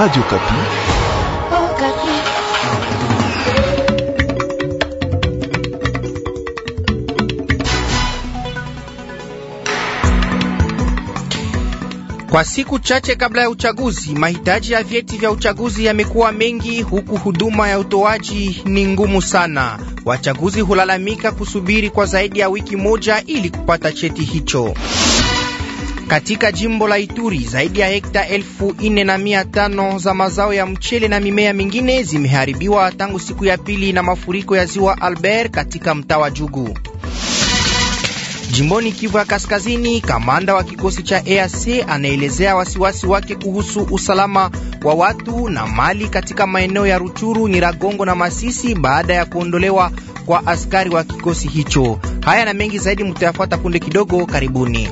Radio Kapi. Oh, Kapi. Kwa siku chache kabla ya uchaguzi, mahitaji ya vyeti vya uchaguzi yamekuwa mengi huku huduma ya utoaji ni ngumu sana. Wachaguzi hulalamika kusubiri kwa zaidi ya wiki moja ili kupata cheti hicho. Katika jimbo la Ituri zaidi ya hekta elfu na mia tano za mazao ya mchele na mimea mingine zimeharibiwa tangu siku ya pili na mafuriko ya ziwa Albert katika mtaa wa Jugu. Jimboni Kivu ya Kaskazini, kamanda wa kikosi cha EAC anaelezea wasiwasi wake kuhusu usalama wa watu na mali katika maeneo ya Ruchuru, Nyiragongo na Masisi baada ya kuondolewa kwa askari wa kikosi hicho. Haya na mengi zaidi mutayafuata punde kidogo. Karibuni.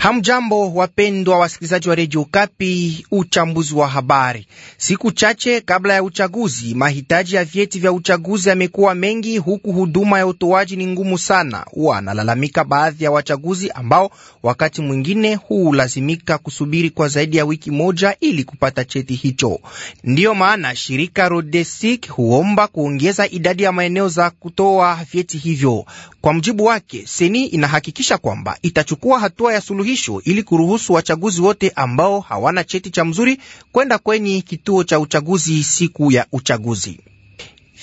Hamjambo, wapendwa wasikilizaji wa redio Kapi. Uchambuzi wa habari. Siku chache kabla ya uchaguzi, mahitaji ya vyeti vya uchaguzi yamekuwa mengi, huku huduma ya utoaji ni ngumu sana. Wanalalamika baadhi ya wachaguzi ambao wakati mwingine hulazimika kusubiri kwa zaidi ya wiki moja ili kupata cheti hicho. Ndiyo maana shirika Rodesik huomba kuongeza idadi ya maeneo za kutoa vyeti hivyo. Kwa mjibu wake, Seni inahakikisha kwamba itachukua hatua ya suluhi vitambulisho ili kuruhusu wachaguzi wote ambao hawana cheti cha mzuri kwenda kwenye kituo cha uchaguzi siku ya uchaguzi.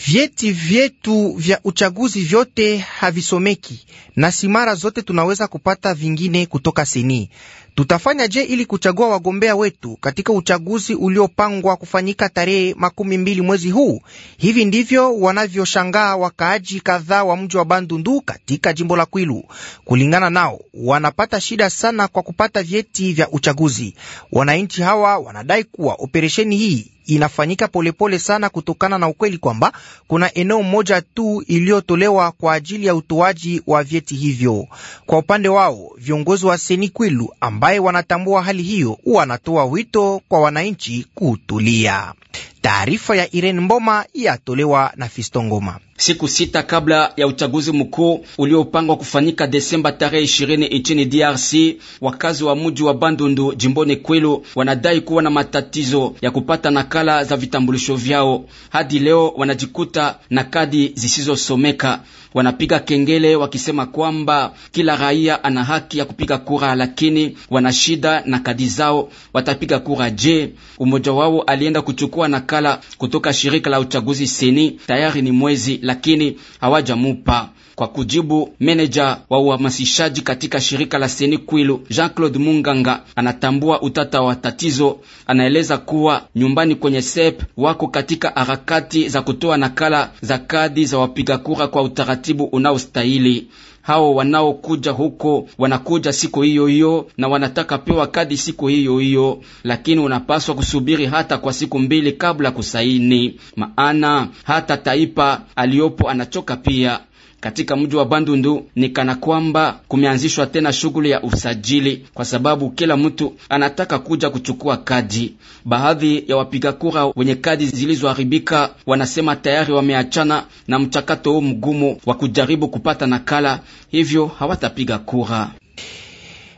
Vyeti vyetu vya uchaguzi vyote havisomeki na si mara zote tunaweza kupata vingine kutoka seni. Tutafanya je ili kuchagua wagombea wetu katika uchaguzi uliopangwa kufanyika tarehe makumi mbili mwezi huu? Hivi ndivyo wanavyoshangaa wakaaji kadhaa wa mji wa Bandundu katika jimbo la Kwilu. Kulingana nao, wanapata shida sana kwa kupata vyeti vya uchaguzi. Wananchi hawa wanadai kuwa operesheni hii inafanyika polepole sana kutokana na ukweli kwamba kuna eneo moja tu iliyotolewa kwa ajili ya utoaji wa vyeti hivyo. Kwa upande wao, viongozi wa Seni Kwilu ambaye wanatambua hali hiyo wanatoa wito kwa wananchi kutulia. Taarifa ya Irene Mboma yatolewa na Fisto Ngoma siku sita kabla ya uchaguzi mkuu uliopangwa kufanyika Desemba tarehe 20 nchini DRC. Wakazi wa mji wa Bandundu jimboni Kwilu wanadai kuwa na matatizo ya kupata nakala za vitambulisho vyao. Hadi leo wanajikuta na kadi zisizosomeka. Wanapiga kengele wakisema kwamba kila raia ana haki ya kupiga kura, lakini wana shida na kadi zao. Watapiga kura je? Umoja wao alienda kuchukua nakala kutoka shirika la uchaguzi Seni. Tayari ni mwezi lakini hawajamupa. Kwa kujibu, meneja wa uhamasishaji katika shirika la Seni Kwilu, Jean-Claude Munganga, anatambua utata wa tatizo. Anaeleza kuwa nyumbani kwenye SEP wako katika harakati za kutoa nakala za kadi za wapiga kura kwa utaratibu unaostahili. Hao wanaokuja huko wanakuja siku hiyo hiyo na wanataka pewa kadi siku hiyo hiyo, lakini unapaswa kusubiri hata kwa siku mbili kabla kusaini, maana hata taipa ali aliyopo anachoka pia. Katika mji wa Bandundu ni kana kwamba kumeanzishwa tena shughuli ya usajili, kwa sababu kila mtu anataka kuja kuchukua kadi. Baadhi ya wapiga kura wenye kadi zilizoharibika wanasema tayari wameachana na mchakato huu mgumu wa kujaribu kupata nakala, hivyo hawatapiga kura.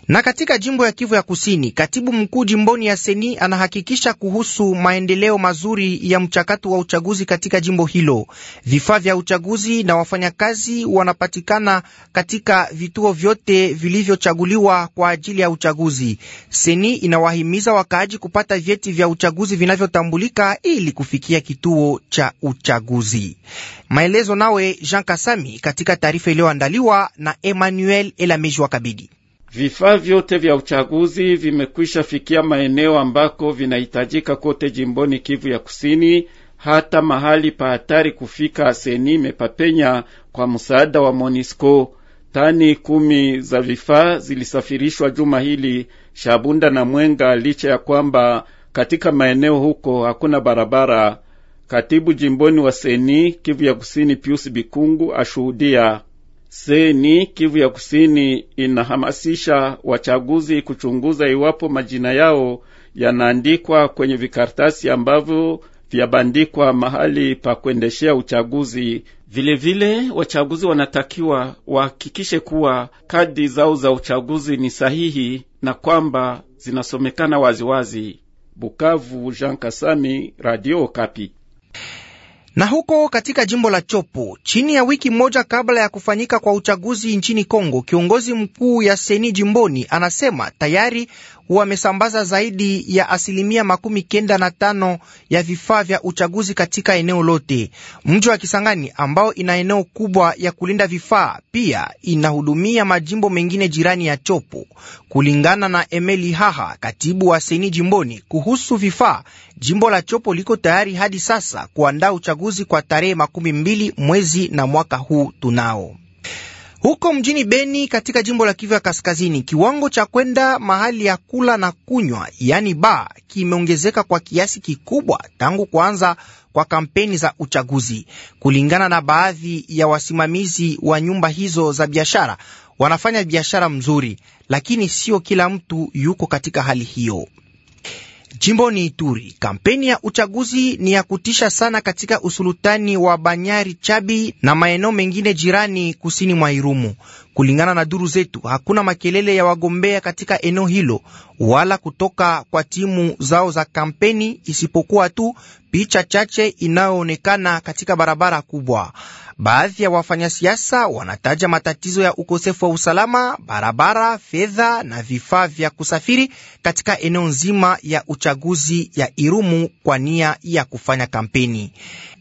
Na katika jimbo ya Kivu ya Kusini, katibu mkuu jimboni ya Seni anahakikisha kuhusu maendeleo mazuri ya mchakato wa uchaguzi katika jimbo hilo. Vifaa vya uchaguzi na wafanyakazi wanapatikana katika vituo vyote vilivyochaguliwa kwa ajili ya uchaguzi. Seni inawahimiza wakaaji kupata vyeti vya uchaguzi vinavyotambulika ili kufikia kituo cha uchaguzi. Maelezo nawe Jean Kasami katika taarifa iliyoandaliwa na Emmanuel Elamejwa Kabidi. Vifaa vyote vya uchaguzi vimekwisha fikia maeneo ambako vinahitajika kote jimboni Kivu ya Kusini, hata mahali pa hatari kufika. Seni mepapenya kwa msaada wa Monisco. Tani kumi za vifaa zilisafirishwa juma hili Shabunda na Mwenga, licha ya kwamba katika maeneo huko hakuna barabara. Katibu jimboni wa Seni Kivu ya Kusini Pius Bikungu ashuhudia Seni Kivu ya Kusini inahamasisha wachaguzi kuchunguza iwapo majina yao yanaandikwa kwenye vikaratasi ambavyo vyabandikwa mahali pa kuendeshea uchaguzi. Vilevile vile, wachaguzi wanatakiwa wahakikishe kuwa kadi zao za uchaguzi ni sahihi na kwamba zinasomekana waziwazi. Bukavu, Jean Kasami, Radio Kapi. Na huko katika jimbo la Chopo, chini ya wiki moja kabla ya kufanyika kwa uchaguzi nchini Kongo, kiongozi mkuu ya seni jimboni anasema tayari wamesambaza zaidi ya asilimia makumi kenda na tano ya vifaa vya uchaguzi katika eneo lote. Mji wa Kisangani ambao ina eneo kubwa ya kulinda vifaa pia inahudumia majimbo mengine jirani ya Chopo. Kulingana na Emeli Haha, katibu wa seni jimboni kuhusu vifaa, jimbo la Chopo liko tayari hadi sasa kuandaa uchaguzi kwa tarehe makumi mbili mwezi na mwaka huu tunao huko mjini Beni katika jimbo la Kivu ya Kaskazini, kiwango cha kwenda mahali ya kula na kunywa, yaani ba kimeongezeka kwa kiasi kikubwa tangu kuanza kwa kampeni za uchaguzi. Kulingana na baadhi ya wasimamizi wa nyumba hizo za biashara, wanafanya biashara mzuri, lakini sio kila mtu yuko katika hali hiyo. Jimboni Ituri, kampeni ya uchaguzi ni ya kutisha sana katika usulutani wa Banyari Chabi na maeneo mengine jirani kusini mwa Irumu. Kulingana na duru zetu, hakuna makelele ya wagombea katika eneo hilo wala kutoka kwa timu zao za kampeni, isipokuwa tu picha chache inayoonekana katika barabara kubwa. Baadhi ya wafanyasiasa wanataja matatizo ya ukosefu wa usalama, barabara, fedha na vifaa vya kusafiri katika eneo nzima ya uchaguzi ya Irumu kwa nia ya kufanya kampeni.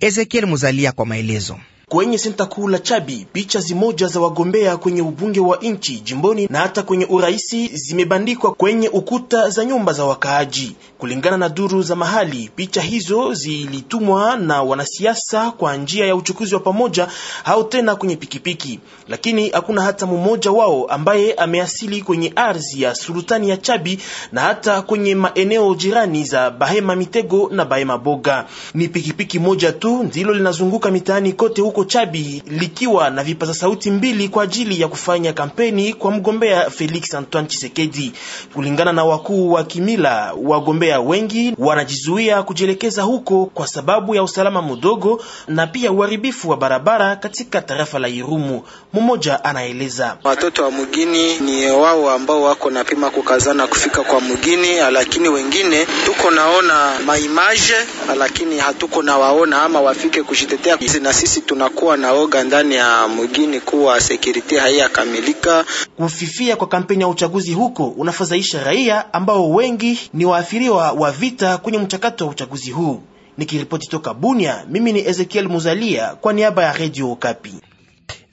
Ezekiel Muzalia kwa maelezo. Kwenye senta kuu la Chabi, picha zimoja za wagombea kwenye ubunge wa nchi jimboni na hata kwenye uraisi zimebandikwa kwenye ukuta za nyumba za wakaaji. Kulingana na duru za mahali, picha hizo zilitumwa na wanasiasa kwa njia ya uchukuzi wa pamoja au tena kwenye pikipiki, lakini hakuna hata mmoja wao ambaye ameasili kwenye ardhi ya sultani ya Chabi na hata kwenye maeneo jirani za Bahema Mitego na Bahema Boga. Ni pikipiki moja tu ndilo linazunguka mitaani kote huko huko Chabi likiwa na vipaza sauti mbili kwa ajili ya kufanya kampeni kwa mgombea Felix Antoine Chisekedi. Kulingana na wakuu wa kimila, wagombea wengi wanajizuia kujielekeza huko kwa sababu ya usalama mdogo na pia uharibifu wa barabara katika tarafa la Irumu. Mmoja anaeleza watoto wa mgini ni wao ambao wako napima kukazana kufika kwa mgini, lakini wengine tuko naona maimaje, lakini hatuko nawaona ama wafike kujitetea, na sisi tuna wanakuwa oga ndani ya mgini kuwa security haiyakamilika. Kufifia kwa kampeni ya uchaguzi huko unafadhaisha raia ambao wengi ni waathiriwa wa vita kwenye mchakato wa uchaguzi huu. Nikiripoti toka Bunia, mimi ni Ezekiel Muzalia kwa niaba ya Radio Okapi.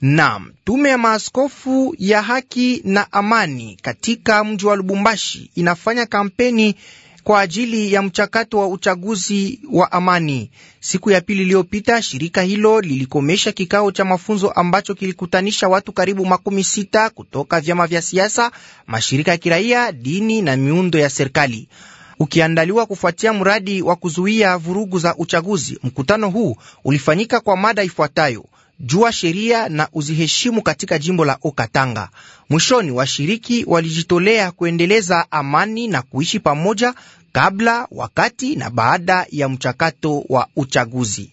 Naam, tume ya maaskofu ya haki na amani katika mji wa Lubumbashi inafanya kampeni kwa ajili ya mchakato wa uchaguzi wa amani. Siku ya pili iliyopita, shirika hilo lilikomesha kikao cha mafunzo ambacho kilikutanisha watu karibu makumi sita kutoka vyama vya siasa, mashirika ya kiraia, dini na miundo ya serikali ukiandaliwa kufuatia mradi wa kuzuia vurugu za uchaguzi. Mkutano huu ulifanyika kwa mada ifuatayo: jua sheria na uziheshimu katika jimbo la Okatanga. Mwishoni, washiriki walijitolea kuendeleza amani na kuishi pamoja kabla, wakati na baada ya mchakato wa uchaguzi.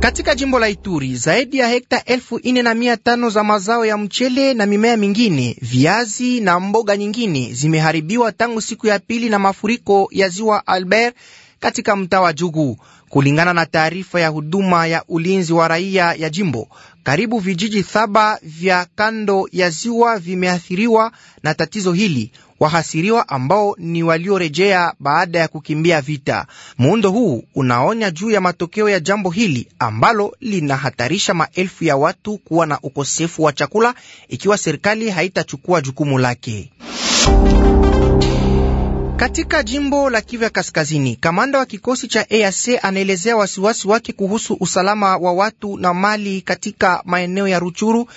Katika jimbo la Ituri zaidi ya hekta elfu ine na mia tano za mazao ya mchele na mimea mingine, viazi na mboga nyingine zimeharibiwa tangu siku ya pili na mafuriko ya ziwa Albert katika mtaa wa Jugu, kulingana na taarifa ya huduma ya ulinzi wa raia ya jimbo. Karibu vijiji saba vya kando ya ziwa vimeathiriwa na tatizo hili, wahasiriwa ambao ni waliorejea baada ya kukimbia vita. Muundo huu unaonya juu ya matokeo ya jambo hili ambalo linahatarisha maelfu ya watu kuwa na ukosefu wa chakula ikiwa serikali haitachukua jukumu lake. Katika jimbo la Kivu ya Kaskazini, kamanda wa kikosi cha EAC anaelezea wasiwasi wake kuhusu usalama wa watu na mali katika maeneo ya Ruchuru,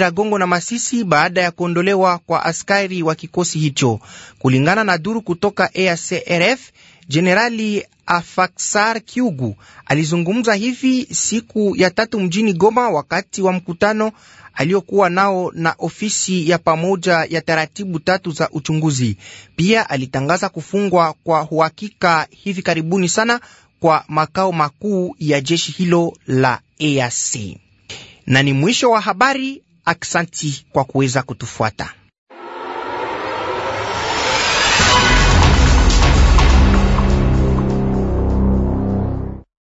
ragongo na Masisi baada ya kuondolewa kwa askari wa kikosi hicho. Kulingana na duru kutoka EAC RF, Jenerali Afaksar Kiugu alizungumza hivi siku ya tatu mjini Goma wakati wa mkutano aliyokuwa nao na ofisi ya pamoja ya taratibu tatu za uchunguzi. Pia alitangaza kufungwa kwa uhakika hivi karibuni sana kwa makao makuu ya jeshi hilo la EAC. Na ni mwisho wa habari. Aksanti kwa kuweza kutufuata.